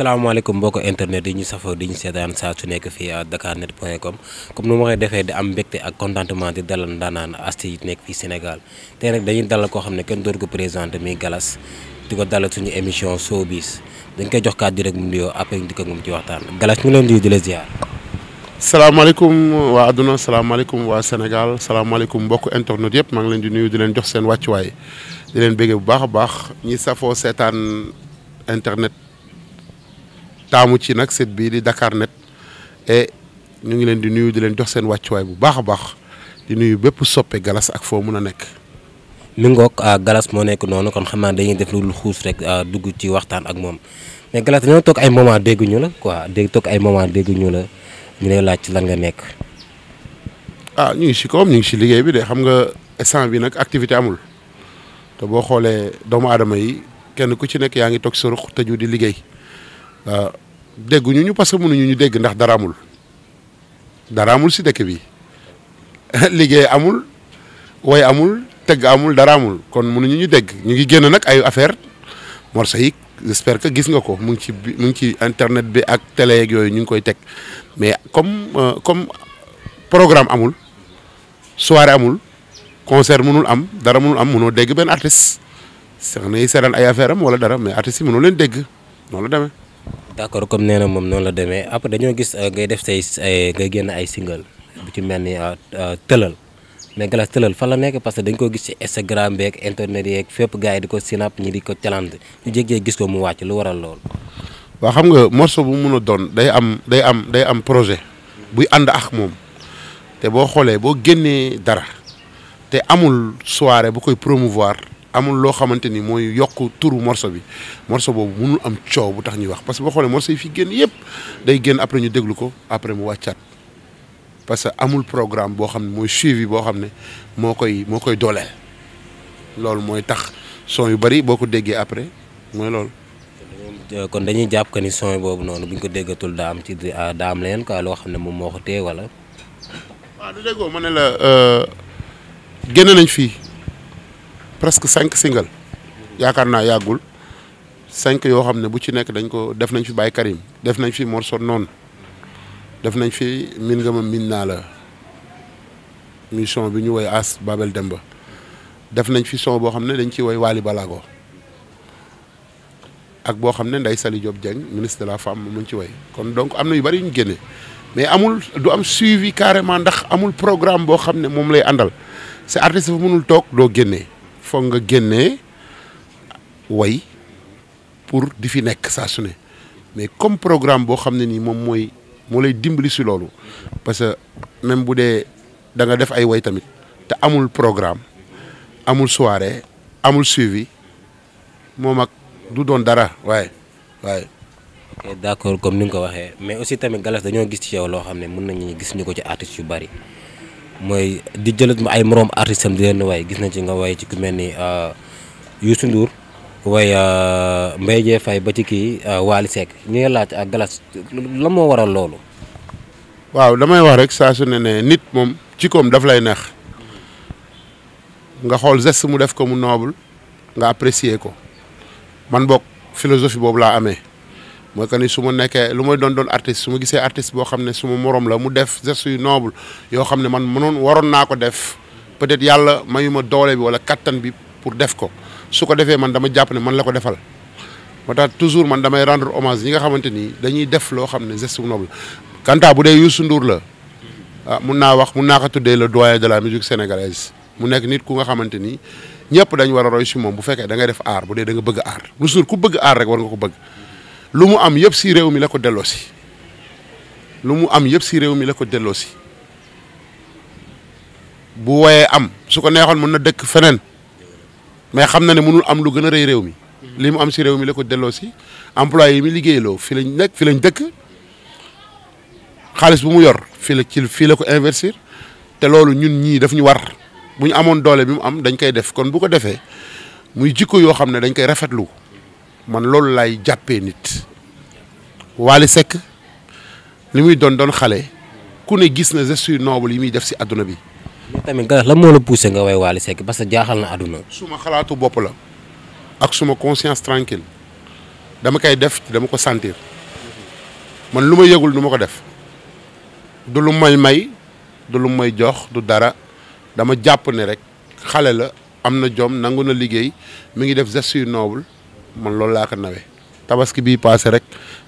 salaamaaleykum mbokki internet yi ñu safoo di ñu seetaan saa su nekk fii à dakarnet.com comme nu ma koy defee di am mbégte ak contentement di dalal ndaanaan Astou yi nekk fii Sénégal tey nag dañuy dalal koo xam ne kenn dootu ko présent muy Galas di ko dalal suñu émission biis dañ koy jox kàddu rek mu nuyoo après di ko moom ci waxtaan Galas ñu leen di di la ziar. salaamaaleykum waa àdduna salaamaaleykum waa Sénégal salaamaaleykum mbokk internet yëpp maa ngi leen di nuyu di leen jox seen wàccuwaay di leen béggee bu baax a baax ñi safoo seetaan internet. taamu ci nag site bii di dakaar Net et ñu ngi leen di nuyu di leen jox seen wàccuwaay bu baax a baax di nuyu bépp soppe galas ak foo mun a nekk. mi ngoog ah, galas moo nekk noonu kon xam naa dañuy def lu xuus rek ah, dugg ci waxtaan ak moom mais galas dañoo toog ay mooma dégguñu la quoi dégg toog ay moment dégguñu la ñu ne laaj ci lan nga nekk. ah ñu ngi si koom ñu ngi si liggéey bi de xam nga instant bi nag activité amul te boo xoolee doomu aadama yi kenn ku ci nekk yaa ngi toog sa te tëju di liggéey. Euh, dégg ñu parce que mun ñu dégg ndax dara amul dara amul si dëkk bi liggéey amul woy amul tëgg amul dara amul kon mënuñu ñu ñu dégg ñu ngi génn nag ay affaire morsaïque j'espère que gis nga ko mu ngi ci mu ngi ci internet bi ak télé yooyu ñu ngi koy teg mais comme euh, comme programme amul soirée amul concert mënul am dara mënul am mënoo dégg benn artiste sax nay seetaan ay affaire am wala dara mais artistes yi mënoo leen dégg noonu la demee d' accord comme nee na moom noonu la demee après dañoo gis euh, ngay def say ngay génn ay single bu ci mel ni euh, euh, tëlal mais Galass tëlal fan la nekk parce que dañ ko gis ci Instagram beeg internet yeeg fépp gars yi di ko sinap ñi di ko calante ñu jékki gis ko mu wàcc lu waral lool. waaw xam nga morceau bu mun a doon day am day am day am projet buy ànd ak moom te boo xoolee boo génnee dara te amul soirée bu koy promouvoir. amul loo xamante ni mooy yokk turu morso bi morso boobu mënul am coow bu tax ñuy wax parce que boo xoolee morceau yi génn yëpp day génn après ñu déglu ko après mu wàccaat parce que amul programme boo xam ne mooy suivi boo xam ne moo koy moo koy dooleel loolu mooy tax son yu bari boo ko déggee après mooy loolu. kon dañuy jàpp que ni son boobu noonu bu ñu ko déggatul daa am ci daa am leneen quoi loo xam ne moom moo ko téye wala. waaw du déggoo ma ne la euh, génn nañ fii. presque cinq single yaakaar naa yaagul cinq yoo xam ne bu ci nekk dañ ko def nañ fi Baye Karim def nañ fi Mor Son noonu def nañ fi min nga ma min naa la mission bi ñu woy As Babel Demba def nañ fi son boo xam ne dañ ciy woy Waly balaago ak boo xam ne Ndeye Saly Diop Dieng ministre de la femme mu ci woy kon donc am na yu bari yu ñu génne mais amul du am suivi carrément ndax amul programme boo xam ne moom lay àndal c'est artiste fu mënul toog doo génnee foog nga génne woy pour di fi nekk saa su ne mais comme programme boo xam ne nii moom mooy moo lay dimbali si loolu parce que même bu dee da nga def ay way tamit te amul programme amul soirée amul suivi moom ak du doon dara waaye waaye. d' accord comme ni nga ko waxee mais aussi tamit Galas dañoo gis ci yow loo xam ne mën nañu gis ñu ko ci artistes yu bari mooy di jëlat ay moroom artiste am di leen way gis nañ ci nga way ci ku mel ni euh, Youssou Ndour way euh, Mbaye Dieye fay ba ci kii euh, Waly Seck ñu ngi laaj ak Galass la moo waral loolu. waaw damay wax rek saa su ne ne nit moom ci koom daf lay neex nga xool geste mu def ko mu noble nga apprécier ko man bokk philosophie boobu laa amee. mooy que ni su ma nekkee lu may doon doon artiste su gisee artiste boo xam ne suma moroom la mu def geste yu noble yoo xam ne man mënoon waroon naa ko def peut-être yàlla mayuma doole bi wala kattan bi pour def ko su ko defee man dama jàpp ne man la ko defal moo tax toujours man damay rendre hommage ñi nga xamante ni dañuy def loo xam ne geste bu noble kanta bu dee Youssou Ndour la ah mun naa wax mun naa ko tuddee la doyen de la musique sénégalaise mu nekk nit ku nga xamante ni ñëpp dañ war a roy si fekkee da def aar bu dee da bëgg aar Youssou ku bëgg aar nga ko bëgg lu mu am yëpp si réew mi la ko delloosi lu mu am yëpp si réew mi la ko delloosi bu woyee am su ko neexoon mën na dëkk feneen mais xam na ne mënul am lu gën a rey réew mi li mu am si réew mi la ko delloosi employé yi mi liggéeyloo fi lañ nekk fi lañ dëkk xaalis bu mu yor fii la ci fii la ko investir te loolu ñun ñii daf ñu war bu ñu amoon doole bi mu am dañ koy def kon bu ko defee muy jikko yoo xam ne dañ koy rafetlu man loolu lay jàppee nit Wally Seck li muy doon doon xale ku ne gis na gestes yu noble yi muy def si àdduna bi. mais tamit Galass la moo la poussé nga way Wally Seck parce que jaaxal na àdduna. suma xalaatu bopp la ak suma conscience tranquille dama koy def dama ko sentir man lu ma yëgul du ma ko def du lu may may du lu may jox du dara dama jàpp ne rek xale la am na jom nangu na liggéey mu ngi def gestes yu noble man loolu laa ko nawee tabaski bii paase rek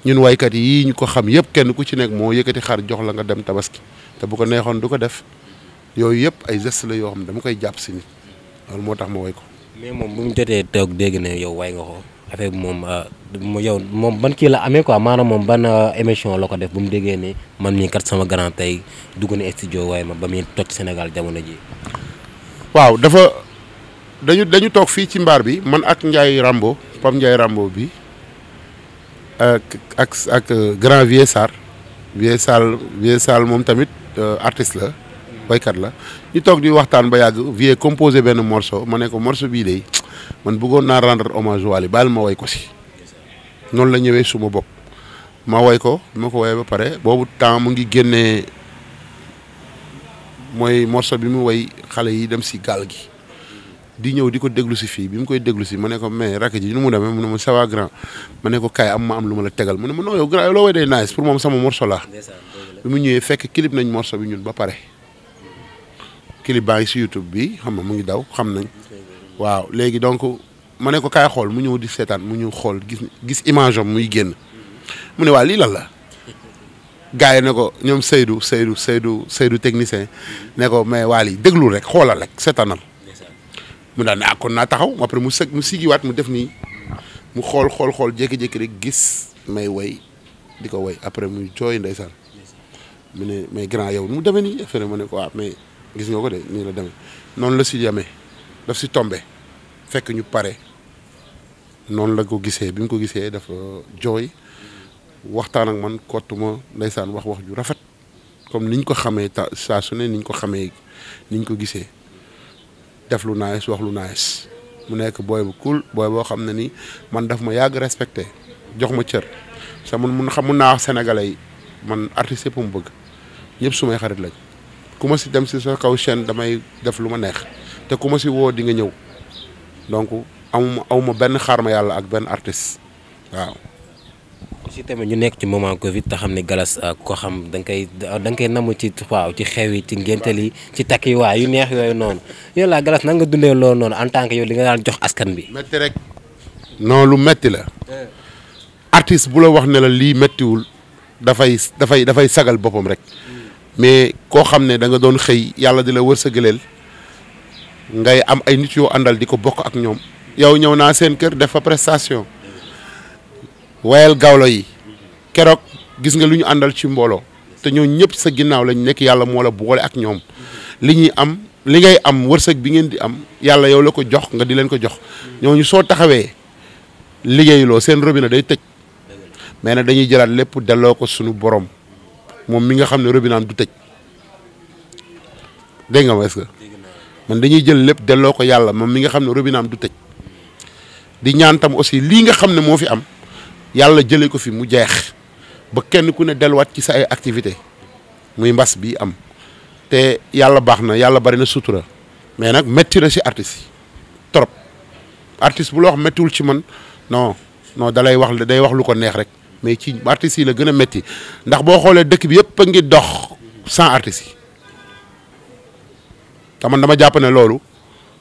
ñun waykat yii ñu ko xam yëpp kenn ku ci nekk moo yëkkati xar jox la nga dem tabaski te bu ko neexoon du ko def yooyu yëpp ay geste la yoo xam dama koy jàpp si nit moo tax ma way ko. mais moom mu jotee toog dégg ne yow way nga ko affaire bi moom euh, yow moom ban kii la amee quoi maanaam moom ban euh, émission la ko def bu mu déggee ni man mii kat sama grand tey dugg na studio waaye ma ba muy toj Sénégal jamono ji waaw dafa dañu dañu toog fii ci mbaar bi man ak Ndiaye Rambo. Pam Ndiaye Rambo bi ak ak ak euh, grand Vieux Sarr Vieux Sarr moom tamit euh, artiste la waykat la ñu toog di waxtaan ba yàgg Vieux composé benn morso ma ne ko morceau bii de man buggoon naa rendre hommage Wally baal ma woy ko si noonu la ñëwee suma bopp ma woy ko ma ko woyee ba pare boobu temps mu ngi génnee mooy morso bi mu woy xale yi dem si gaal gi di ñëw di ko déglu si fii bi mu koy déglu si ma ne ko mais rakk ji nu mu demee mu ne ma ça va grand ma ne ko kaay am ma am lu ma la tegal mu ne ma non yow grand yow loo way day nice pour moom sama morceau la bi mu ñëwee fekk clip nañ morceau bi ñun ba pare clip baa ngi bi xam nga mu ngi daw xam nañ waaw léegi donc ma ne ko kaay xool mu ñëw di seetaan mu ñëw xool gis gis image am muy génn mu ne waa lii lan la gars yi ne ko ñoom Seydou Seydou Seydou Seydou technicien ne ko mais waa lii déglul rek xoolal rek seetaanal mu daal ne ah kon naa taxaw après mu sëg mu sigiwaat mu def nii mu xool xool xool jékki-jékki rek gis may woy di ko woy après mu jooy ndeysaan mu ne mais grand yow mu demee nii affaire ma ne ko waaw ah, mais gis nga ko nii la demee noonu la si yamee daf si tombe fekk ñu pare noonu la ko gisee bi mu ko gisee dafa jooy waxtaan ak man kottuma ndeysaan wax wax ju rafet comme niñ ko xamee ta saa su ne niñ ko xamee niñ ko gisee def lu nice wax lu nice mu nekk booy bu cool booy boo xam ne ni man daf ma yàgg respecté jox ma cër sa mun mun xam mun naa wax yi man artiste yëpp mu bëgg ñëpp sumay xarit lañ ku ma si dem si sa kaw chaîne damay def lu ma neex te ku ma si woo di nga ñëw donc amuma awma benn xaar ma yàlla ak benn artiste waaw ci tamit ñu nekk ci moment Covid te xam ne galas euh, ko xam da nga koy da koy namu ci waaw ci xew yi ci ngéntal li ci takk yi waaw yu neex yooyu noonu yow laa galas nan nga dundee loolu noonu en tant que yow li nga daan jox askan bi. metti rek non lu metti la. Eh. artiste bula wax ne lii mettiwul dafay dafay dafay sagal boppam rek mais koo xam ne danga doon xëy yàlla di la wërsëgaleel ngay am ay nit yoo àndal di ko bokk ak ñoom. yow ñëw naa seen kër def prestation. wayal gaawlo yi keroog gis nga lu ñu àndal ci mbooloo te ñoo ñëpp sa ginnaaw lañu nekk yàlla moo la boole ak ñoom li ñuy am li ngay am wërsëg bi ngeen di am yàlla yow la ko jox nga di leen ko jox ñooñu soo taxawee liggéeyuloo seen robinet day tëj mais nag dañuy jëlaat lépp delloo ko suñu borom moom mi nga xam ne robinet du tëj dégg nga ma est dañuy jël lépp delloo ko yàlla moom mi nga xam ne robinet am du tëj di ñaan aussi lii nga xam ne moo fi am yàlla jëlee ko fi mu jeex ba kenn ku ne delluwaat ci sa ay activité muy mbas bi am te yàlla baax na yàlla bari na sutura mais nag métti na si artistes yi trop artiste bu la wax méttiwul ci man non non dalay wax day wax lu ko neex rek mais ci artistes yi la gën a métti ndax boo xoolee dëkk bi yëpp a ngi dox sant artistes yi te man dama jàpp ne loolu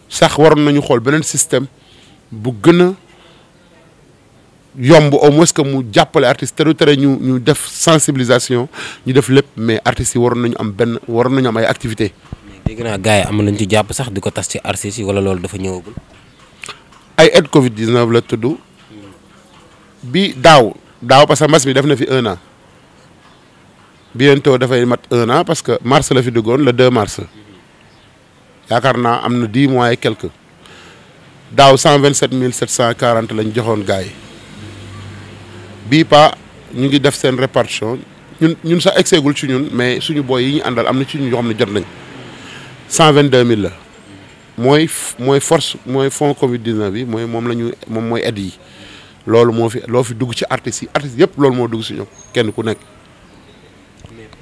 sax waroon nañu xool beneen système bu gën yomb au moins que mu jàppale artiste te du tere ñu ñu def sensibilisation ñu def lépp mais artistes yi waroon nañu am benn waroon nañu am ay activités. dégg gars yi am nañu ci jàpp sax di ko tas ci artistes yi wala loolu dafa ñëwagul. ay aide Covid 19 la tudd hmm. bi daaw daaw parce que mbas mi def na fi un an bientôt dafay mat un an parce que mars la fi duggoon le 2 mars yaakaar naa am na 10 mois et quelques daaw 127 740 lañ joxoon gars yi. bii pa ñu ngi def seen répartition ñun ñun sax egseegul ci ñun mais suñu booy yi ñu àndal am na ci ñun yoo xam ne jot nañ cent vingt deux mille la mooy mooy force mooy fond covid 19 bi mooy moom la ñu moom mooy aide yi loolu moo fi loo fi dugg ci artistes yi artistes yëpp loolu moo dugg si ñoom kenn ku nekk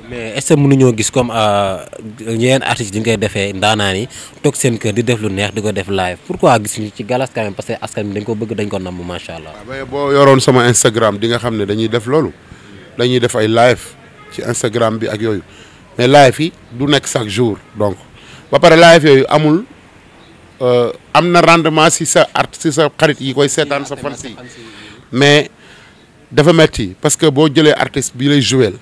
mais est ce que mënuñoo gis comme euh, yeneen artistes yi nga koy defee ndaanaan yi toog seen kër di def lu neex di ko def live pourquoi gisuñu ci galas quand même parce que askan bi dañ ko bëgg dañ ko namm macha allah. Ah, boo yoroon sama Instagram di nga xam ne dañuy def loolu dañuy def ay live ci Instagram bi ak yooyu mais live yi du nekk chaque jour donc ba pare live yooyu amul euh, am na rendement si sa art si sa xarit yi koy seetaan sa fan si mais dafa metti parce que boo jëlee artiste bi lay joué.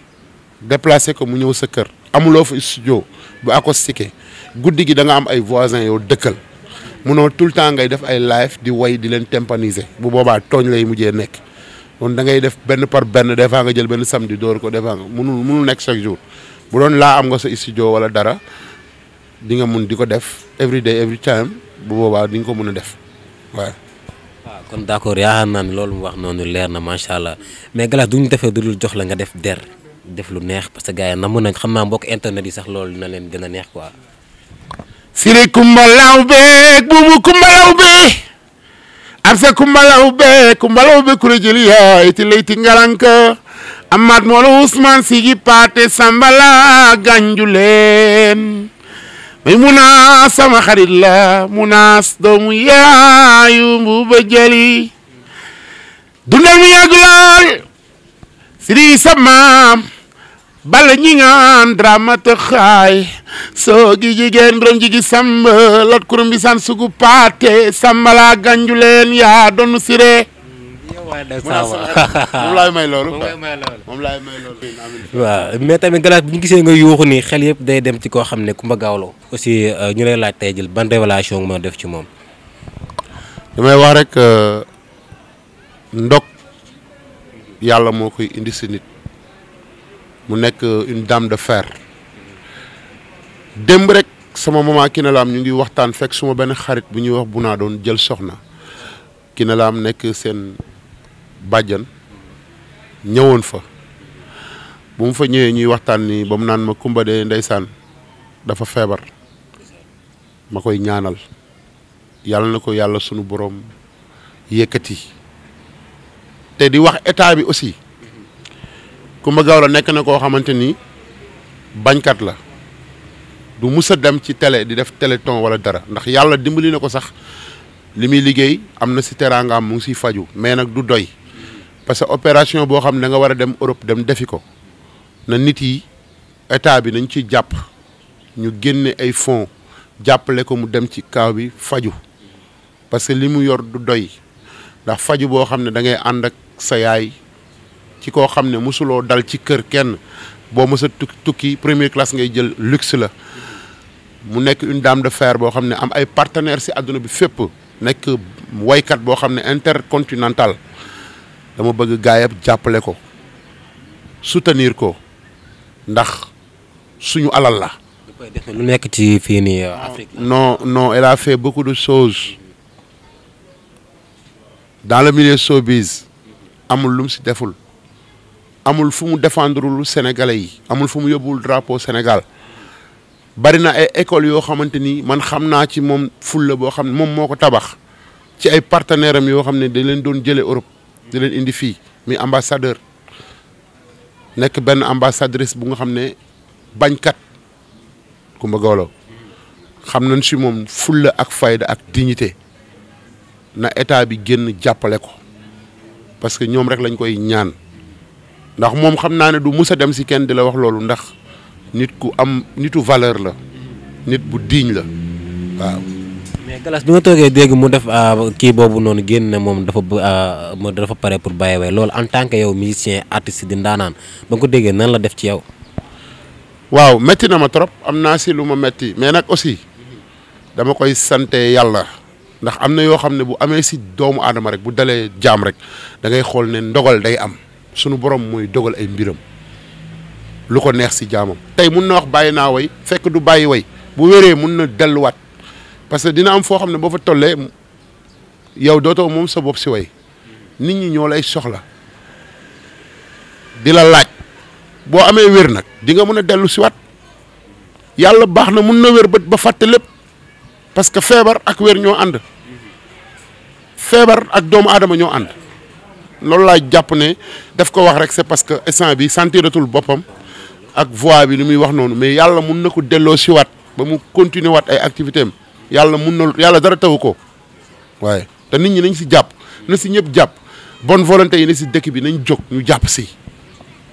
déplacé ko mu ñëw sa kër amuloo fa studio bu acoustique guddi gi danga am ay voisins yow dëkkal munoo tout le temps ngay def ay live di way di leen tympaniser bu boobaa tooñ lay mujjee nekk kon da ngay def benn par benn des fois nga jël benn samedi door ko des fois nga munul nekk chaque jour bu doon laa am nga sa studio wala dara di nga mun di ko def every day every time bu boobaa di ko mun a def waaw. waaw ah, kon d'accord yaakaar naa ne loolu mu wax noonu leer na macha allah mais Galass du ñu defee du jox la nga def der. def lu neex parce que gars yi namm nañ xam naa mbokk internet yi sax loolu dina leen gën a neex quoi. Siri kumbalaw beeg buubu kumbalaw beeg ab sa kumbalaw beeg kumbalaw beeg ku la yaay ti lay ti ngalanka moolu Ousmane Sigi Paate Sambala gànju leen may munaas sama xarit la munaas doomu yaayu mbuuba jëli dundal mu yàgg lool Siri sa bala ñi ngaan dramata xaay soo gi jigéen ron jigi samb lot kurum bi san sugu paate sambala ganju leen yaa doonu siree moom laay may loolu moom laay may loolu waaw mais tamit galaas bi ñu gisee nga yuuxu ni xel yëpp day dem ci koo xam ne Coumba Gawlo aussi euh, ñu lay laaj jël ban révélation nga mën def ci moom damay wax rek euh, ndog yàlla moo koy indi si nit mu nekk une dame de fer démb rek sama maman Kinelaam ñu ngi waxtaan fekk suma benn xarit bu ñuy wax bu naa doon jël soxna Kinelaam nekk seen bàjjan ñëwoon fa bu mu fa ñëwee ñuy waxtaan ni ba mu naan ma Kumba de ndeysaan dafa feebar ma koy ñaanal yàlla na ko yàlla sunu borom yëkkati te di wax état bi aussi. Kumba Gawlo nekk na koo xamante ni bañkat la du mus a dem ci tele di def téléthon wala dara ndax yàlla dimbali na ko sax li muy liggéey am na si teraangaam mu ngi siy faju mais nag du doy parce que opération boo xam ne da nga war a dem Europe dem defi ko na nit yi état bi nañ ci jàpp ñu génne ay fonds jàppale ko mu dem ci kaaw bi faju parce que li mu yor du doy ndax faju boo xam ne da ngay ànd ak sa yaay ci koo xam ne mosuloo dal ci kër kenn boo mës a tukki première classe ngay jël luxe la mu nekk une dame de fer boo xam ne am ay partenaires si àdduna bi fépp nekk woykat boo xam ne intercontinental dama bëgg gaayab jàppale ko soutenir ko ndax suñu alal la. lu nekk ci fii nii euh, Afrique. no no elle a fait beaucoup de choses dans le milieu showbiz amul lu si deful. amul fu mu défendrewul Sénégalais yi amul fu mu yóbbuwul drapeau Sénégal bari na ay écoles yoo xamante ni man xam naa ci moom fulla boo xam ne moom moo ko tabax ci ay partenaires am yoo xam ne dañ leen doon jëlee Europe di leen indi fii muy ambassadeur nekk benn ambassadrice bu nga xam ne bañkat Coumba Gawlo xam nañ si moom fulla ak fayda ak dignité na état bi génn jàppale ko parce que ñoom rek lañ koy ñaan ndax moom xam naa ne du mus a dem si kenn di la wax loolu ndax nit ku am nitu valeur la nit bu diiñ la waaw. mais bi nga toogee dégg mu def ah, kii boobu noonu génn ne moom dafa ah, ma dafa pare pour bàyyi waay en tant que yow musicien artiste di ndaanaan ko déggee nan la def ci yow. waaw métti na ma trop am naa si lu ma metti mais nag aussi dama koy sante yàlla ndax am na yoo xam ne bu amee si doomu aadama rek bu dalee jaam rek dangay xool ne ndogal day am. sunu borom mooy dogal ay mbiram lu ko neex si jaamam tey mun na wax bàyyi naa way fekk du bàyyi way bu wéree mun na delluwaat parce que dina am foo xam ne boo fa tollee yow dootoo moom sa bopp si way nit ñi ñoo lay soxla di la laaj boo amee wér nag di nga mën a dellu si waat yàlla baax na mun na wér bët ba fàtte lépp parce que feebar ak wéer ñoo ànd feebar ak doomu aadama ñoo ànd loolu laa jàpp ne daf ko wax rek c'est parce que instant bi sentiratul boppam ak voix bi nu muy wax noonu mais yàlla mun na ko delloo si waat ba mu continuer wat ay activité am yàlla mun na yàlla dara taw ko waaye te nit ñi nañ si jàpp na si ñëpp jàpp bon volonté yi ne si dëkk bi nañ jóg ñu jàpp si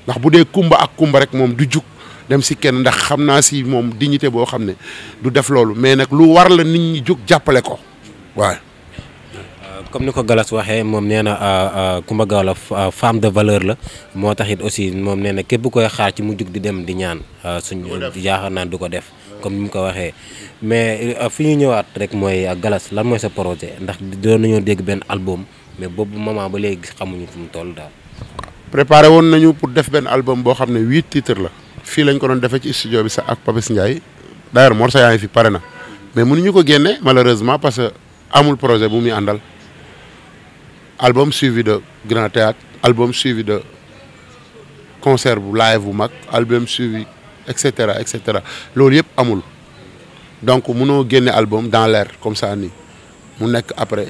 ndax bu dee kumba ak kumba rek moom du jug dem si kenn ndax xam naa si moom dignité boo xam ne du def loolu mais nag lu war la nit ñi jóg jàppale ko Euh, comme ni ko Galas waxee moom nee na euh, euh, Coumba Gawlo de valeur la moo tax it aussi moom nee na képp koy xaar ci mu jug di dem di ñaan suñ yaakaar naa du ko def comme ni mu ko waxee mais fi ñu ñëwaat rek mooy Galas lan mooy sa projet ndax doon nañoo dégg benn album mais boobu moment ba léegi xamuñu fu mu toll daal préparé woon nañu pour def benn album boo xam ne huit titres la fii lañ ko doon defee ci studio bi sax ak Papis Ndiaye d'ailleurs yaa ngi fi pare na amul projet bu muy àndal album suivi de grand théâtre album suivi de concert bu live bu mag album suivi et cetera et cetera loolu yëpp amul donc munoo génne album dans l'air comme ça nii mu nekk après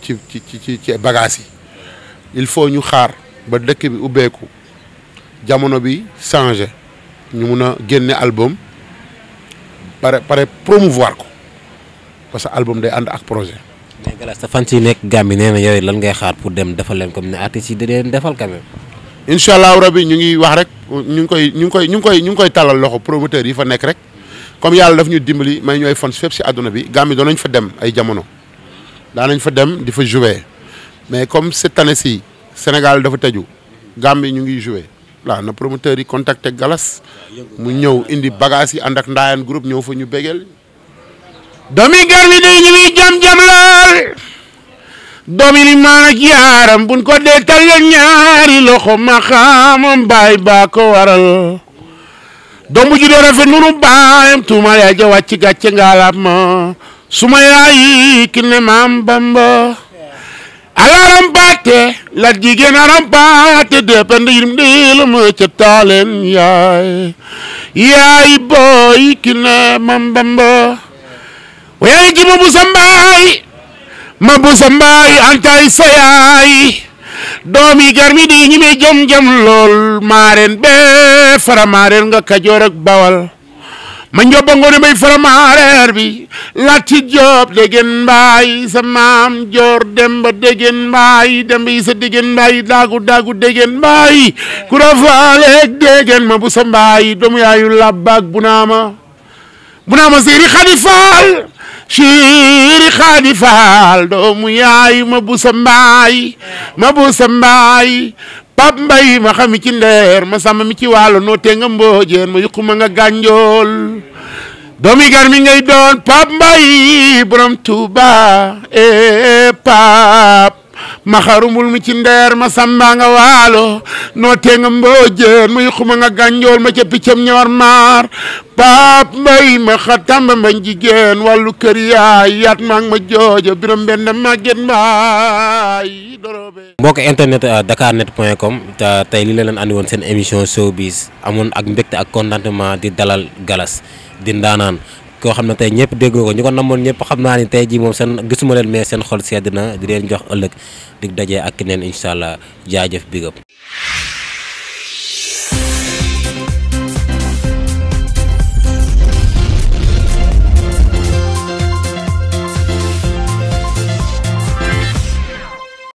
ci ci ci ci ci bagages yi il faut ñu xaar ba dëkk bi ubbeeku jamono bi changé ñu mun a génne album pare pare promouvoir ko parce que album day ànd ak projet. mais sa fan si nekk Gambie nee na yooyu lan ngay xaar pour dem defal leen comme ne artistes yi da leen defal quand même. incha allah rabi ñu ngi wax rek ñu ngi koy ñu ngi koy ñu ngi koy ñu ngi koy tàllal loxo promoteurs yi fa nekk rek comme yàlla daf ñu dimbali may ñooy fans fépp si àdduna bi Gambie doon nañ fa dem ay jamono daanañ fa dem di fa jouer mais comme cette année ci Sénégal dafa tëju Gambie ñu ngi jouer waa na promoteurs yi contacter Gallas mu ñëw indi bagage yi ànd ak ndaayaan groupe ñëw fa ñu bégeel doomi garmi day ñu ngi jam-jam lool doomi li maan ak yaaram buñ ko dee tallal ñaari loxo maxaamam baay baa ko waral doom bu juddoo rafet nunu baayam tuuma yaayi ki ne maam bamba ala rampaate la jigéen a rampaate de pend yirim deel ma ca taaleen yaay yaay booy ki ne maam bamba wayaay gi ma busa mbaay ma busa mbaay antaay sayaay doomi garmi di ñi me lool maaren bee fara maaren nga kajoor ak bawal ma njobba ngoone fara maareer bi latti joob degen mbaay sa joor demba degen mbaay demba degen mbaay daagu daagu degen mbaay ku rafaaleeg degen ma bu sa mbaay doomu yaayu labbaak bunaama bunaama seeri xadi faal siiri xaadi faal doomu yaay ma bu sa ma bu sa pap mbay ma xami ci ndeer ma sàmm mi ci wàllo noo te nga ma yuquma nga gànjool doomi gar mi ngay doon pap mbay borom tuuba e eh, pap ma xarumul mi ci ndeer ma samba nga waalo noo tee nga mboojeen muy xuma nga gànjool ma ca piccam ñoor maar paap mbay ma xa tàmba mba jigéen wàllu kër yaay yaat maag ma joojo biram benn màgget mbaay dorobe mbokk internet euh, dakarnet point com tey li la leen àndi woon seen émission showbiz amoon ak mbégte ak contentement di dalal galas di ndaanaan koo xam ne tey ñëpp dégg ko ñu ko namoon ñëpp xam naa ni tey jii moom seen gisuma leen mais seen xol sedd na di leen jox ëllëg dig dajee ak keneen incha allah jaajëf bigëb